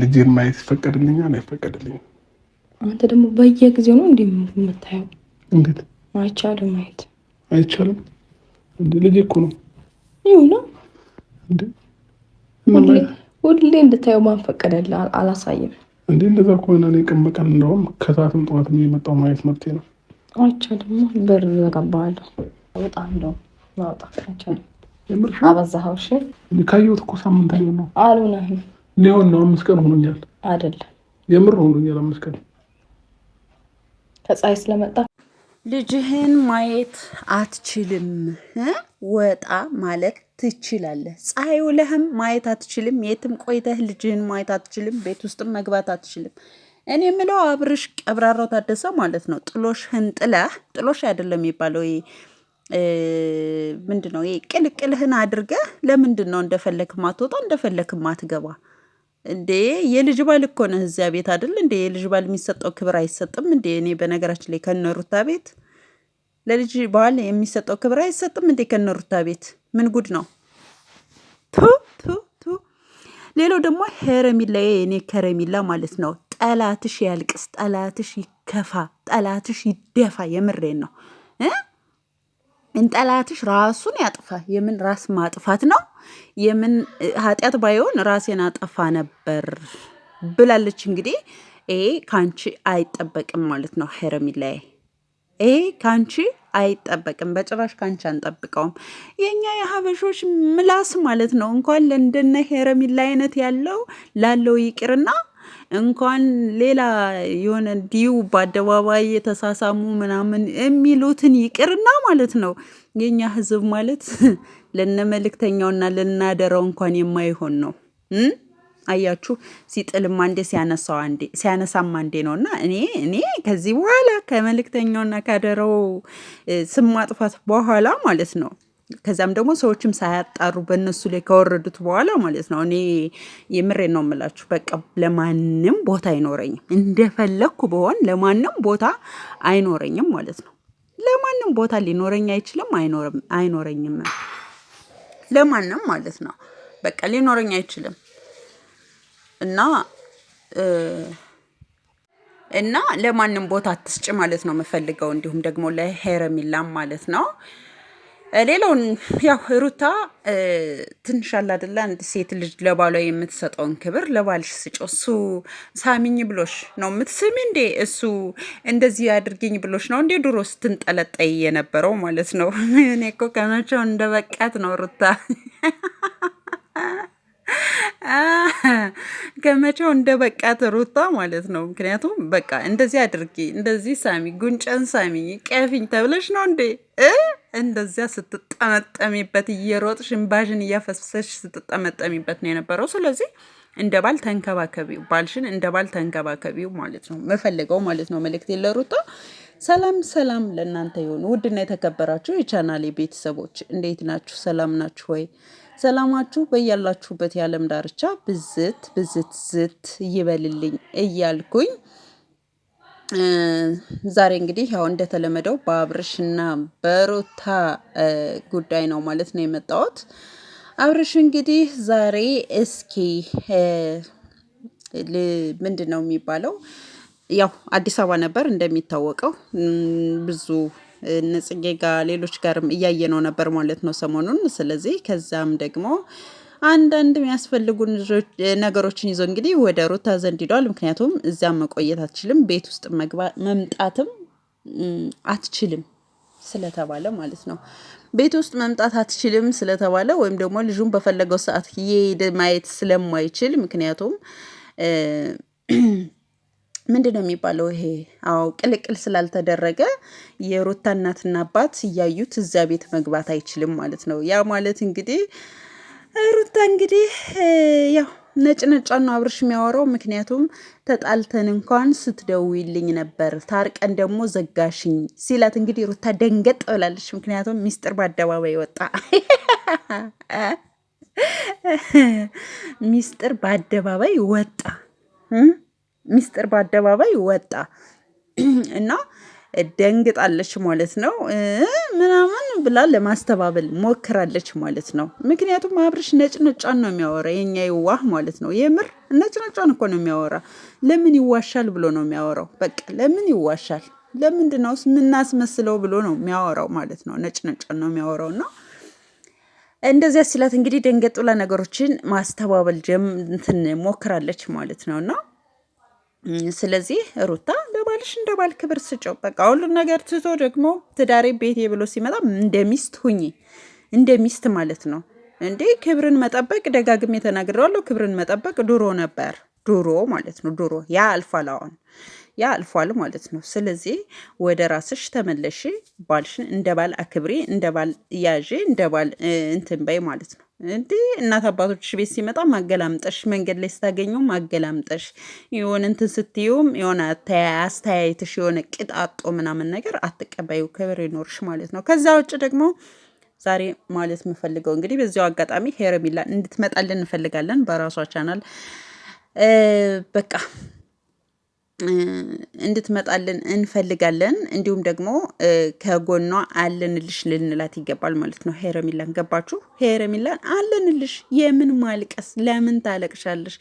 ልጅን ማየት ይፈቀድልኛል አይፈቀድልኝም? አንተ ደግሞ በየጊዜው ነው እንዲ የምታየው? እንዴት አይቻልም? ማየት አይቻልም? ልጅ እኮ ነው ይሁና ሁሌ እንድታየው ማን ፈቀደልህ? አላሳይም እንዴ? እንደዛ ከሆነ እኔ ቀን በቀን እንደውም ከሰዓትም ጠዋት የመጣው ማየት መብቴ ነው። አቻ አይቻልም። በር ዘጋባለሁ። ወጣ እንደውም ማውጣት አይቻልም። አበዛኸው። እሺ ካየሁት እኮ ሳምንት ሊሆን ነው። አሉ ነህ ሊሆን ነው። አምስት ቀን ሆኖኛል። አይደለም የምር ሆኖኛል። አምስት ቀን ከፀሐይ ስለመጣ ልጅህን ማየት አትችልም። ወጣ ማለት ትችላለህ። ፀሐይ ውለህም ማየት አትችልም። የትም ቆይተህ ልጅህን ማየት አትችልም። ቤት ውስጥም መግባት አትችልም። እኔ የምለው አብርሽ ቀብራራው ታደሰ ማለት ነው። ጥሎሽህን ጥለህ ጥሎሽ አይደለም የሚባለው ምንድን ነው? ቅልቅልህን አድርገህ ለምንድን ነው እንደፈለግ ማትወጣ እንደፈለግ ማትገባ? እንዴ የልጅ ባል እኮ ነህ እዚያ ቤት አይደል እንዴ? የልጅ ባል የሚሰጠው ክብር አይሰጥም እንዴ? እኔ በነገራችን ላይ ከነሩታ ቤት ለልጅ ባል የሚሰጠው ክብር አይሰጥም እንዴ? ከነሩታ ቤት ምን ጉድ ነው? ቱ ቱ ቱ። ሌላው ደግሞ ሄረሚላ የእኔ ከረሚላ ማለት ነው። ጠላትሽ ያልቅስ፣ ጠላትሽ ይከፋ፣ ጠላትሽ ይደፋ። የምሬን ነው። እንጠላትሽ ራሱን ያጥፋ። የምን ራስ ማጥፋት ነው? የምን ኃጢአት ባይሆን ራሴን አጠፋ ነበር ብላለች። እንግዲህ ይሄ ከአንቺ አይጠበቅም ማለት ነው ሄረሚላ። ይሄ ከአንቺ አይጠበቅም፣ በጭራሽ ከአንቺ አንጠብቀውም። የእኛ የሀበሾች ምላስ ማለት ነው እንኳን ለእንደነ ሄረሚላ አይነት ያለው ላለው ይቅርና እንኳን ሌላ የሆነ እንዲሁ በአደባባይ የተሳሳሙ ምናምን የሚሉትን ይቅርና ማለት ነው የኛ ህዝብ ማለት ለነ መልእክተኛውና ለናደራው እንኳን የማይሆን ነው። አያችሁ ሲጥልም አንዴ ሲያነሳው አንዴ ሲያነሳም አንዴ ነው። እና እኔ እኔ ከዚህ በኋላ ከመልእክተኛውና ካደረው ስም ማጥፋት በኋላ ማለት ነው ከዚያም ደግሞ ሰዎችም ሳያጣሩ በእነሱ ላይ ከወረዱት በኋላ ማለት ነው። እኔ የምሬ ነው የምላችሁ፣ በቃ ለማንም ቦታ አይኖረኝም። እንደፈለግኩ በሆን ለማንም ቦታ አይኖረኝም ማለት ነው። ለማንም ቦታ ሊኖረኝ አይችልም፣ አይኖረኝም። ለማንም ማለት ነው። በቃ ሊኖረኝ አይችልም እና እና ለማንም ቦታ አትስጭ ማለት ነው የምፈልገው። እንዲሁም ደግሞ ለሄረሚላም ማለት ነው ሌላውን ያው ሩታ ትንሽ አለ አይደለ? አንድ ሴት ልጅ ለባሏ የምትሰጠውን ክብር ለባልሽ ስጮ እሱ ሳሚኝ ብሎሽ ነው የምትስሚ እንዴ? እሱ እንደዚህ አድርገኝ ብሎሽ ነው እንዴ? ድሮ ስትንጠለጠይ የነበረው ማለት ነው። እኔ እኮ ከመቼው እንደ በቃት ነው ሩታ ከመቼው እንደ በቃት ሩታ ማለት ነው። ምክንያቱም በቃ እንደዚህ አድርጊ፣ እንደዚህ ሳሚ፣ ጉንጨን ሳሚ፣ ቀፊኝ ተብለሽ ነው እንዴ? እንደዚያ ስትጠመጠሚበት እየሮጥሽ እንባሽን እያፈሰሽ ስትጠመጠሚበት ነው የነበረው። ስለዚህ እንደ ባል ተንከባከቢው፣ ባልሽን እንደ ባል ተንከባከቢው ማለት ነው መፈለገው ማለት ነው። መልእክት የለሩታ ሰላም ሰላም ለእናንተ የሆኑ ውድና የተከበራችሁ የቻናሌ ቤተሰቦች እንዴት ናችሁ? ሰላም ናችሁ ወይ? ሰላማችሁ በያላችሁበት የዓለም ዳርቻ ብዝት ብዝት ዝት ይበልልኝ እያልኩኝ ዛሬ እንግዲህ ያው እንደተለመደው በአብርሽና በሩታ ጉዳይ ነው ማለት ነው የመጣሁት። አብርሽ እንግዲህ ዛሬ እስኪ ምንድን ነው የሚባለው ያው አዲስ አበባ ነበር እንደሚታወቀው ብዙ ነጽጌ ጋር ሌሎች ጋርም እያየ ነው ነበር ማለት ነው ሰሞኑን። ስለዚህ ከዛም ደግሞ አንዳንድ የሚያስፈልጉ ነገሮችን ይዞ እንግዲህ ወደ ሩታ ዘንድ ሂደዋል። ምክንያቱም እዚያም መቆየት አትችልም፣ ቤት ውስጥ መምጣትም አትችልም ስለተባለ ማለት ነው። ቤት ውስጥ መምጣት አትችልም ስለተባለ ወይም ደግሞ ልጁን በፈለገው ሰዓት እየሄደ ማየት ስለማይችል ምክንያቱም ምንድን ነው የሚባለው? ይሄ አዎ ቅልቅል ስላልተደረገ የሩታ እናትና አባት እያዩት እዚያ ቤት መግባት አይችልም ማለት ነው። ያ ማለት እንግዲህ ሩታ እንግዲህ ያው ነጭ ነጫ ነው አብርሽ የሚያወራው። ምክንያቱም ተጣልተን እንኳን ስትደውይልኝ ነበር ታርቀን ደግሞ ዘጋሽኝ ሲላት እንግዲህ ሩታ ደንገጥ ብላለች። ምክንያቱም ሚስጥር በአደባባይ ወጣ፣ ሚስጥር በአደባባይ ወጣ፣ ሚስጥር በአደባባይ ወጣ እና ደንግጣለች ማለት ነው ምናምን ብላ ለማስተባበል ሞክራለች ማለት ነው። ምክንያቱም አብርሽ ነጭ ነጫን ነው የሚያወራ የኛ ይዋህ ማለት ነው። የምር ነጭ ነጫን እኮ ነው የሚያወራ። ለምን ይዋሻል ብሎ ነው የሚያወራው። በቃ ለምን ይዋሻል ለምንድን ነው የምናስመስለው ብሎ ነው የሚያወራው ማለት ነው። ነጭ ነጫን ነው የሚያወራው ነው እንደዚያ ሲላት እንግዲህ ደንገጥ ብላ ነገሮችን ማስተባበል ጀም ሞክራለች ማለት ነው እና ስለዚህ ሩታ ለባልሽ እንደ ባል ክብር ስጭው። በቃ ሁሉን ነገር ትቶ ደግሞ ትዳሬ ቤቴ ብሎ ሲመጣ እንደ ሚስት ሁኚ፣ እንደ ሚስት ማለት ነው እንዴ። ክብርን መጠበቅ ደጋግሜ ተናግሬዋለሁ። ክብርን መጠበቅ ድሮ ነበር፣ ድሮ ማለት ነው። ድሮ ያ አልፏል፣ አሁን ያ አልፏል ማለት ነው። ስለዚህ ወደ ራስሽ ተመለሽ፣ ባልሽን እንደ ባል አክብሪ፣ እንደ ባል ያዥ፣ እንደ ባል እንትን በይ ማለት ነው። እንዴ እናት አባቶች ቤት ሲመጣ ማገላምጠሽ፣ መንገድ ላይ ስታገኙ ማገላምጠሽ፣ የሆነ እንትን ስትዩም የሆነ አስተያየትሽ የሆነ ቅጣጦ ምናምን ነገር አትቀበዩ፣ ክብር ይኖርሽ ማለት ነው። ከዛ ውጭ ደግሞ ዛሬ ማለት የምፈልገው እንግዲህ በዚያው አጋጣሚ ሄረሚላ እንድትመጣልን እንፈልጋለን በራሷ ቻናል በቃ እንድትመጣልን እንፈልጋለን። እንዲሁም ደግሞ ከጎኗ አለንልሽ ልንላት ይገባል ማለት ነው። ሄረሚላን ገባችሁ? ሄረሚላን አለንልሽ። የምን ማልቀስ? ለምን ታለቅሻለሽ?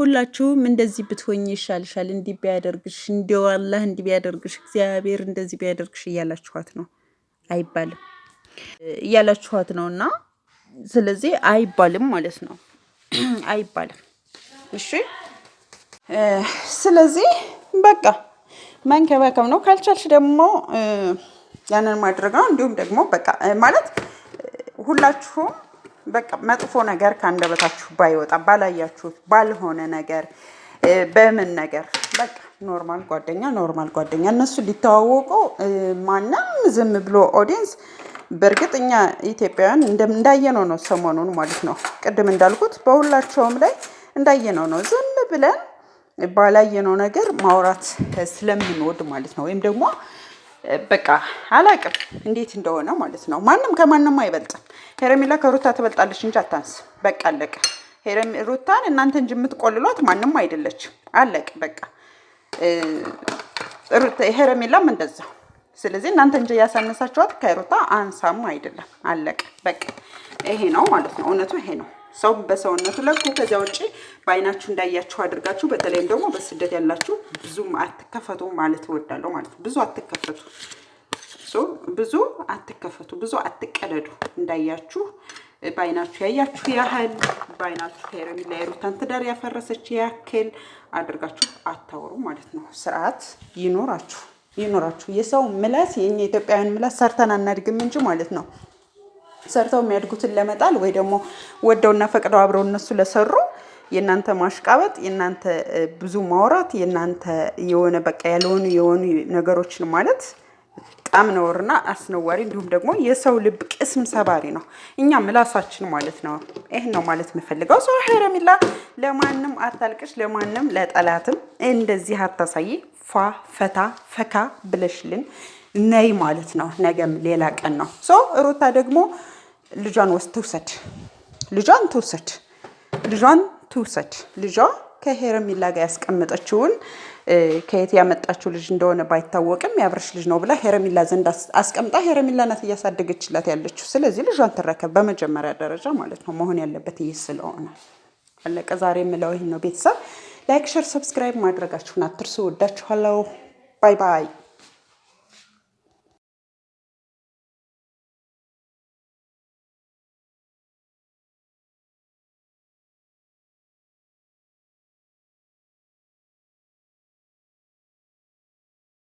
ሁላችሁም እንደዚህ ብትሆኝ ይሻልሻል፣ እንዲህ ቢያደርግሽ፣ እንዲያው አላህ እንዲህ ቢያደርግሽ፣ እግዚአብሔር እንደዚህ ቢያደርግሽ እያላችኋት ነው። አይባልም እያላችኋት ነው። እና ስለዚህ አይባልም ማለት ነው። አይባልም። እሺ ስለዚህ በቃ መንከባከብ ነው። ካልቻልሽ ደግሞ ያንን ማድረግ ነው። እንዲሁም ደግሞ በቃ ማለት ሁላችሁም በቃ መጥፎ ነገር ከአንደበታችሁ ባይወጣ፣ ባላያችሁት፣ ባልሆነ ነገር በምን ነገር በቃ ኖርማል ጓደኛ ኖርማል ጓደኛ እነሱ ሊተዋወቁ ማንም ዝም ብሎ ኦዲየንስ በእርግጥ እኛ ኢትዮጵያውያን እንዳየነው ነው ሰሞኑን ማለት ነው። ቅድም እንዳልኩት በሁላቸውም ላይ እንዳየነው ነው ዝም ብለን ባላየነው ነገር ማውራት ስለምንወድ ማለት ነው። ወይም ደግሞ በቃ አላቅም እንዴት እንደሆነ ማለት ነው። ማንም ከማንም አይበልጥም። ሄረሜላ ከሩታ ትበልጣለች እንጂ አታንስ። በቃ አለቀ። ሩታን እናንተ እንጂ የምትቆልሏት ማንም አይደለችም። አለቅ በቃ። ሄረሚላም እንደዛ። ስለዚህ እናንተ እንጂ ያሳነሳችኋት ከሩታ አንሳም አይደለም። አለቅ በቃ። ይሄ ነው ማለት ነው። እውነቱ ይሄ ነው። ሰው በሰውነቱ ለኩ። ከዚያ ውጭ በአይናችሁ እንዳያችሁ አድርጋችሁ በተለይም ደግሞ በስደት ያላችሁ ብዙም አትከፈቱ ማለት እወዳለሁ ማለት ነው። ብዙ አትከፈቱ፣ ብዙ አትከፈቱ፣ ብዙ አትቀደዱ። እንዳያችሁ በአይናችሁ ያያችሁ ያህል በአይናችሁ ሄረሚላ የሩታን ትዳር ያፈረሰች ያክል አድርጋችሁ አታወሩ ማለት ነው። ስርዓት ይኖራችሁ ይኖራችሁ። የሰው ምላስ የኛ ኢትዮጵያውያን ምላስ ሰርተን አናድግም እንጂ ማለት ነው። ሰርተው የሚያድጉትን ለመጣል ወይ ደግሞ ወደውና ፈቅደው አብረው እነሱ ለሰሩ የእናንተ ማሽቃበጥ፣ የእናንተ ብዙ ማውራት፣ የእናንተ የሆነ በቃ ያልሆኑ የሆኑ ነገሮችን ማለት በጣም ነውርና አስነዋሪ እንዲሁም ደግሞ የሰው ልብ ቅስም ሰባሪ ነው። እኛ ምላሳችን ማለት ነው። ይህን ነው ማለት የምፈልገው። ሰው ሄረሚላ ለማንም አታልቅሽ፣ ለማንም ለጠላትም እንደዚህ አታሳይ። ፏ ፈታ ፈካ ብለሽልን ነይ ማለት ነው። ነገም ሌላ ቀን ነው። ሶ ሩታ ደግሞ ልጇን ወስድ ትውሰድ፣ ልጇን ትውሰድ፣ ልጇን ትውሰድ። ልጇ ከሄረሚላ ጋር ያስቀመጠችውን ከየት ያመጣችው ልጅ እንደሆነ ባይታወቅም የአብረሽ ልጅ ነው ብላ ሄረሚላ ዘንድ አስቀምጣ ሄረሚላ ናት እያሳደገችላት ያለችው። ስለዚህ ልጇን ትረከብ በመጀመሪያ ደረጃ ማለት ነው። መሆን ያለበት ይህ ስለሆነ አለቀ። ዛሬ የምለው ይህን ነው። ቤተሰብ ላይክ፣ ሸር፣ ሰብስክራይብ ማድረጋችሁን አትርሱ። ወዳችኋለሁ። ባይ ባይ።